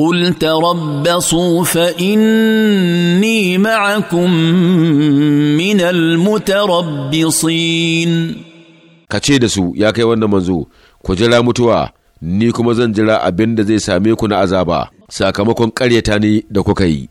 قل تربصوا فاني معكم من المتربصين kace da su ya kai wannan manzo ku jira mutuwa ni kuma zan jira abin da zai same ku na azaba sakamakon ƙaryata ne da kuka yi